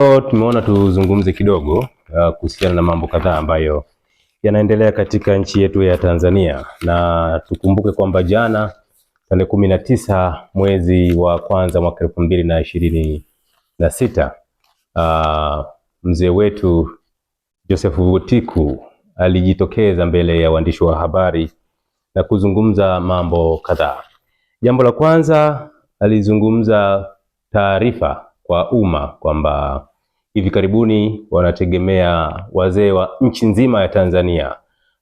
So, tumeona tuzungumze kidogo uh, kuhusiana na mambo kadhaa ambayo yanaendelea katika nchi yetu ya Tanzania, na tukumbuke kwamba jana tarehe kumi na tisa mwezi wa kwanza mwaka elfu mbili na ishirini na sita uh, mzee wetu Joseph Butiku alijitokeza mbele ya waandishi wa habari na kuzungumza mambo kadhaa. Jambo la kwanza alizungumza taarifa kwa umma kwamba hivi karibuni wanategemea wazee wa nchi nzima ya Tanzania,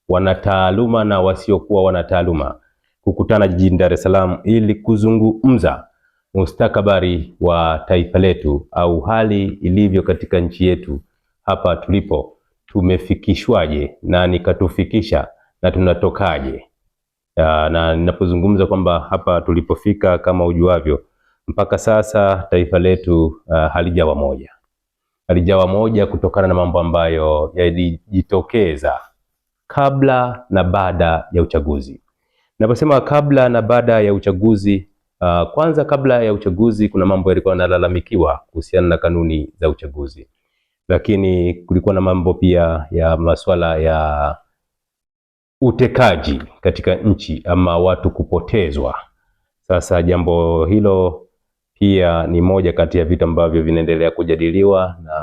wanataaluma na wasiokuwa wanataaluma kukutana jijini Dar es Salaam ili kuzungumza mustakabali wa taifa letu au hali ilivyo katika nchi yetu. Hapa tulipo tumefikishwaje na nikatufikisha na tunatokaje? Na ninapozungumza kwamba hapa tulipofika, kama ujuavyo, mpaka sasa taifa letu uh, halijawa moja alijawa moja kutokana na mambo ambayo yalijitokeza kabla na baada ya uchaguzi. Naposema kabla na baada ya uchaguzi, uh, kwanza kabla ya uchaguzi kuna mambo yalikuwa yanalalamikiwa kuhusiana na kanuni za uchaguzi, lakini kulikuwa na mambo pia ya masuala ya utekaji katika nchi ama watu kupotezwa. Sasa jambo hilo pia ni moja kati ya vitu ambavyo vinaendelea kujadiliwa na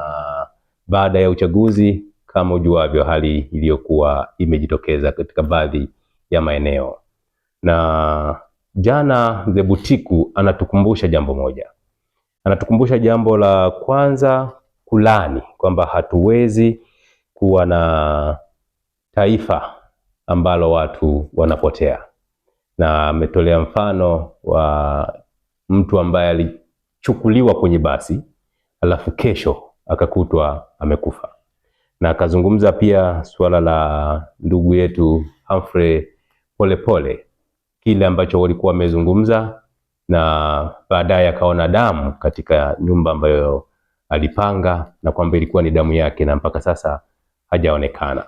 baada ya uchaguzi, kama ujuavyo, hali iliyokuwa imejitokeza katika baadhi ya maeneo. Na jana The Butiku anatukumbusha jambo moja, anatukumbusha jambo la kwanza kulani kwamba hatuwezi kuwa na taifa ambalo watu wanapotea, na ametolea mfano wa mtu ambaye alichukuliwa kwenye basi alafu kesho akakutwa amekufa. Na akazungumza pia suala la ndugu yetu Humphrey Polepole, kile ambacho walikuwa wamezungumza, na baadaye akaona damu katika nyumba ambayo alipanga na kwamba ilikuwa ni damu yake, na mpaka sasa hajaonekana,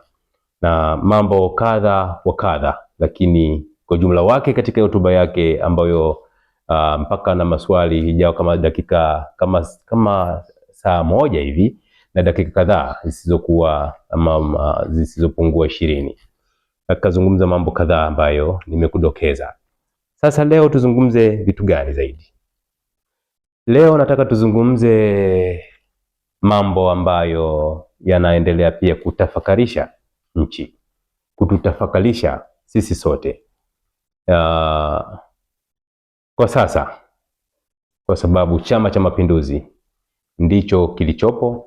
na mambo kadha wa kadha, lakini kwa jumla wake katika hotuba yake ambayo uh, mpaka na maswali hijao kama dakika kama, kama saa moja hivi na dakika kadhaa zisizokuwa ama zisizopungua ishirini. Akazungumza mambo kadhaa ambayo nimekudokeza. Sasa leo tuzungumze vitu gani zaidi? Leo nataka tuzungumze mambo ambayo yanaendelea pia kutafakarisha nchi, kututafakarisha sisi sote uh, kwa sasa, kwa sababu Chama cha Mapinduzi ndicho kilichopo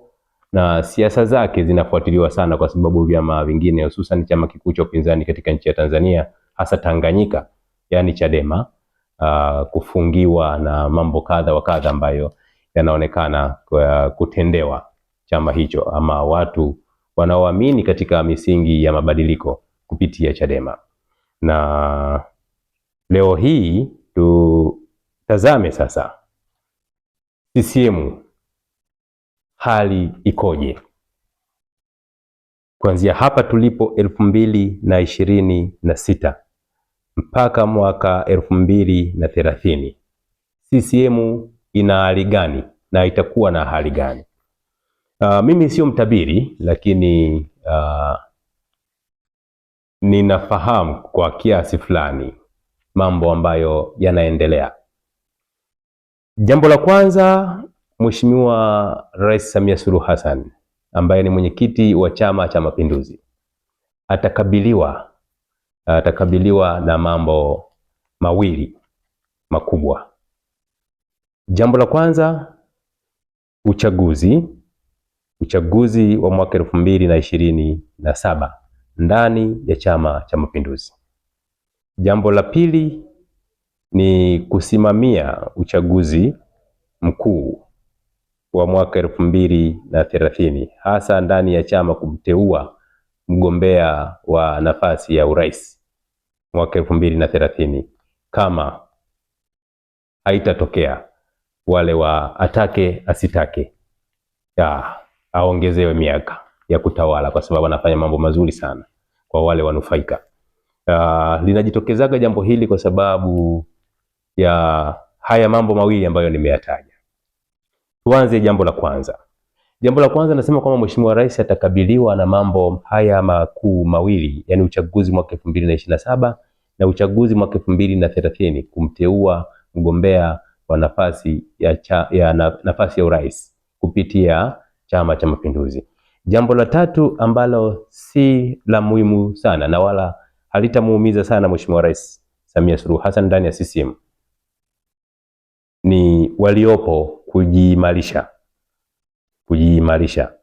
na siasa zake zinafuatiliwa sana, kwa sababu vyama vingine hususan chama kikuu cha upinzani katika nchi ya Tanzania hasa Tanganyika, yani Chadema uh, kufungiwa na mambo kadha wa kadha ambayo yanaonekana ah, kutendewa chama hicho ama watu wanaoamini katika misingi ya mabadiliko kupitia Chadema na leo hii tu Tazame sasa CCM hali ikoje kuanzia hapa tulipo elfu mbili na ishirini na sita mpaka mwaka elfu mbili na thelathini CCM ina hali gani na itakuwa na hali gani? Uh, mimi sio mtabiri lakini uh, ninafahamu kwa kiasi fulani mambo ambayo yanaendelea Jambo la kwanza, Mheshimiwa Rais Samia Suluhu Hassan ambaye ni mwenyekiti wa Chama cha Mapinduzi atakabiliwa atakabiliwa na mambo mawili makubwa. Jambo la kwanza, uchaguzi uchaguzi wa mwaka elfu mbili na ishirini na saba ndani ya Chama cha Mapinduzi. Jambo la pili ni kusimamia uchaguzi mkuu wa mwaka elfu mbili na thelathini hasa ndani ya chama kumteua mgombea wa nafasi ya urais mwaka elfu mbili na thelathini kama haitatokea wale wa atake asitake ya, aongezewe miaka ya kutawala kwa sababu anafanya mambo mazuri sana kwa wale wanufaika. Uh, linajitokezaga jambo hili kwa sababu ya haya mambo mawili ambayo nimeyataja. Tuanze jambo la kwanza. Jambo la kwanza nasema kwamba Mheshimiwa Rais atakabiliwa na mambo haya makuu mawili, yani uchaguzi mwaka elfu mbili na ishirini na saba na uchaguzi mwaka elfu mbili na thelathini kumteua mgombea wa nafasi ya, cha, ya na, nafasi ya urais kupitia Chama cha Mapinduzi. Jambo la tatu ambalo si la muhimu sana na wala halitamuumiza sana Mheshimiwa Rais Samia Suluhu Hassan ndani ya CCM ni waliopo kujiimarisha, kujiimarisha.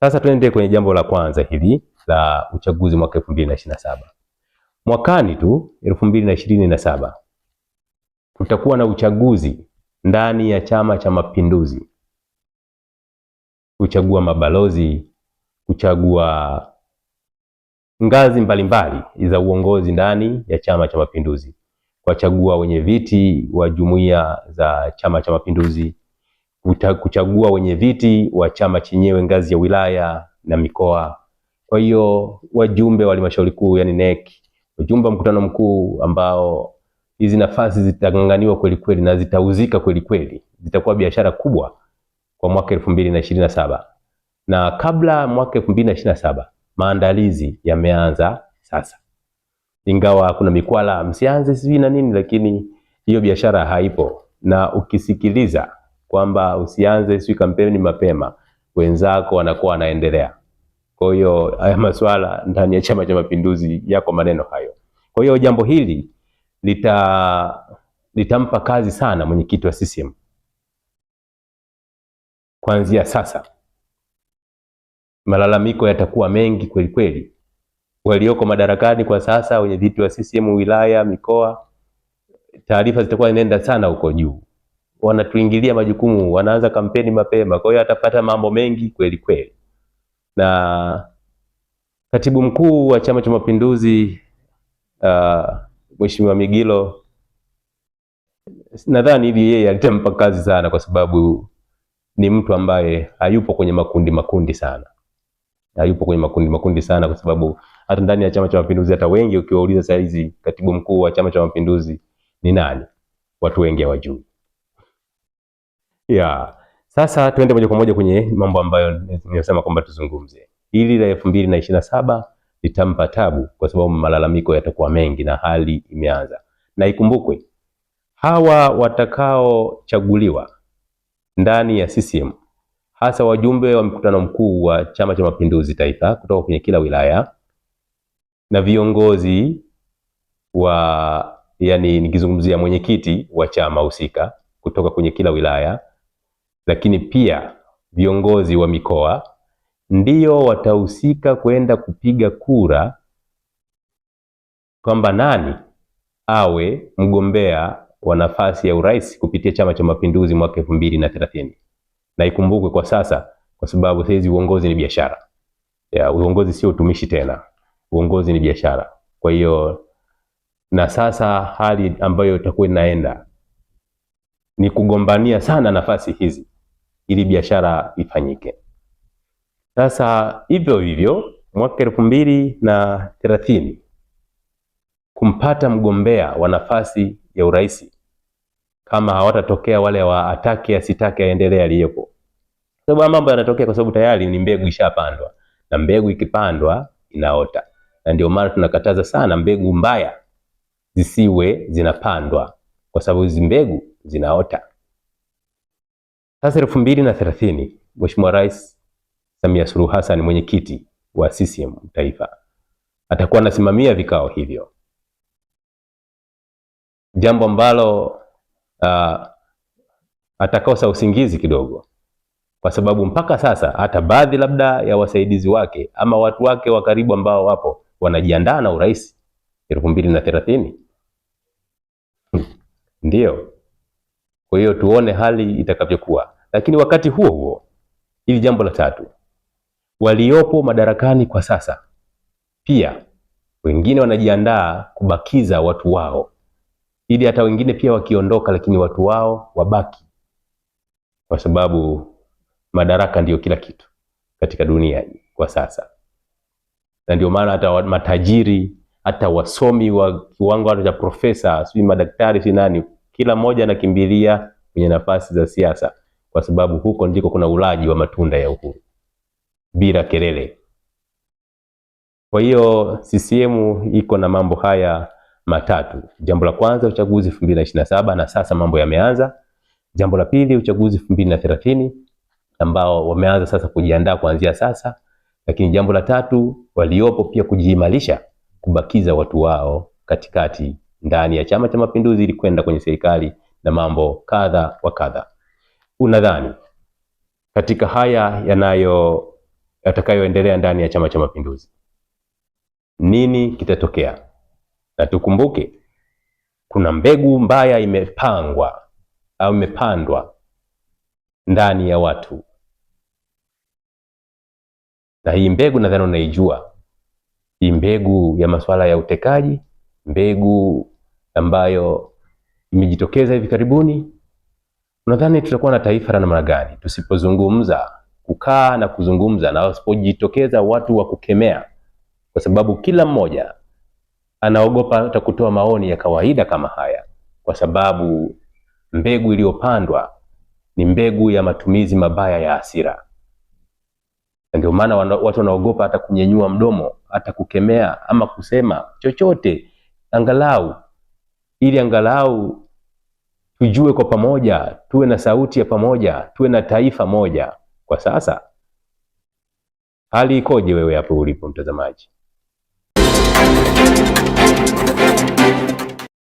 Sasa tuende kwenye jambo la kwanza hili la uchaguzi mwaka saba. Mwakani tu na saba tutakuwa na uchaguzi ndani ya Chama cha Mapinduzi, kuchagua mabalozi, kuchagua ngazi mbalimbali za uongozi ndani ya Chama cha Mapinduzi kuwachagua wenye viti wa jumuiya za Chama cha Mapinduzi, kuchagua wenye viti wa chama chenyewe ngazi ya wilaya na mikoa. Kwa hiyo wajumbe wa halmashauri kuu, yani NEC, wajumbe wa mkutano mkuu, ambao hizi nafasi zitang'ang'aniwa kweli kweli na zitauzika kweli kweli, zitakuwa biashara kubwa kwa mwaka 2027 na kabla mwaka saba maandalizi yameanza sasa ingawa kuna mikwala msianze sijui na nini, lakini hiyo biashara haipo. Na ukisikiliza kwamba usianze sijui kampeni mapema, wenzako wanakuwa wanaendelea. Kwa hiyo haya masuala ndani ya Chama cha Mapinduzi yako maneno hayo. Kwa hiyo jambo hili lita litampa kazi sana mwenyekiti wa CCM kuanzia sasa. Malalamiko yatakuwa mengi kweli kweli walioko madarakani kwa sasa, wenye viti wa CCM wilaya, mikoa, taarifa zitakuwa inaenda sana huko juu. Wanatuingilia majukumu, wanaanza kampeni mapema, kwa hiyo atapata mambo mengi kweli kweli. Na katibu mkuu wa Chama cha Mapinduzi uh, Mheshimiwa Migilo nadhani hivi yeye alitempa kazi sana, kwa sababu ni mtu ambaye hayupo kwenye makundi makundi sana, hayupo kwenye makundi makundi sana kwa sababu hata ndani ya Chama cha Mapinduzi, hata wengi ukiwauliza saa hizi katibu mkuu wa Chama cha Mapinduzi ni nani, watu wengi hawajui. Yeah. Sasa tuende moja kwa moja kwenye mambo ambayo nimesema kwamba tuzungumze. Hili la elfu mbili na ishirini na saba litampa tabu kwa sababu malalamiko yatakuwa mengi na hali imeanza. Na ikumbukwe hawa watakaochaguliwa ndani ya CCM hasa wajumbe wa mkutano mkuu wa Chama cha Mapinduzi taifa kutoka kwenye kila wilaya na viongozi wa yani, nikizungumzia mwenyekiti wa chama husika kutoka kwenye kila wilaya, lakini pia viongozi wa mikoa ndio watahusika kwenda kupiga kura kwamba nani awe mgombea wa nafasi ya urais kupitia Chama cha Mapinduzi mwaka elfu mbili na thelathini. Na ikumbukwe kwa sasa, kwa sababu saizi uongozi ni biashara ya uongozi, sio utumishi tena uongozi ni biashara. Kwa hiyo na sasa hali ambayo itakuwa inaenda ni kugombania sana nafasi hizi ili biashara ifanyike. Sasa hivyo hivyo mwaka elfu mbili na thelathini kumpata mgombea wa nafasi ya urais kama hawatatokea wale wa atake asitake aendelee aliyepo, sababu mambo yanatokea kwa sababu tayari ni mbegu ishapandwa, na mbegu ikipandwa inaota na ndio maana tunakataza sana mbegu mbaya zisiwe zinapandwa kwa sababu hizi mbegu zinaota. Sasa elfu mbili na thelathini, Mheshimiwa Rais Samia Suluhu Hassan, mwenyekiti wa CCM Taifa, atakuwa anasimamia vikao hivyo, jambo ambalo uh, atakosa usingizi kidogo, kwa sababu mpaka sasa hata baadhi labda ya wasaidizi wake ama watu wake wa karibu ambao wapo wanajiandaa na urais elfu mbili na thelathini. ndio kwa hiyo tuone hali itakavyokuwa, lakini wakati huo huo, ili jambo la tatu, waliopo madarakani kwa sasa pia wengine wanajiandaa kubakiza watu wao, ili hata wengine pia wakiondoka, lakini watu wao wabaki, kwa sababu madaraka ndiyo kila kitu katika dunia kwa sasa na ndio maana hata matajiri hata wasomi wa kiwango hata cha profesa, si madaktari, si nani, kila mmoja anakimbilia kwenye nafasi za siasa, kwa sababu huko ndiko kuna ulaji wa matunda ya uhuru bila kelele. Kwa hiyo CCM iko na mambo haya matatu. Jambo la kwanza uchaguzi 2027 na sasa mambo yameanza. Jambo la pili uchaguzi 2030 ambao wameanza sasa kujiandaa kuanzia sasa. Lakini jambo la tatu, waliopo pia kujiimarisha, kubakiza watu wao katikati ndani ya Chama cha Mapinduzi ili kwenda kwenye serikali na mambo kadha wa kadha. Unadhani katika haya yanayo yatakayoendelea ndani ya Chama cha Mapinduzi nini kitatokea? Na tukumbuke kuna mbegu mbaya imepangwa au imepandwa ndani ya watu na hii mbegu nadhani unaijua hii mbegu ya masuala ya utekaji, mbegu ambayo imejitokeza hivi karibuni. Unadhani tutakuwa na taifa la namna gani tusipozungumza, kukaa na kuzungumza na wasipojitokeza watu wa kukemea, kwa sababu kila mmoja anaogopa hata kutoa maoni ya kawaida kama haya, kwa sababu mbegu iliyopandwa ni mbegu ya matumizi mabaya ya hasira na ndio maana watu wanaogopa hata kunyenyua mdomo, hata kukemea ama kusema chochote, angalau ili angalau tujue kwa pamoja, tuwe na sauti ya pamoja, tuwe na taifa moja. Kwa sasa hali ikoje wewe hapo ulipo mtazamaji?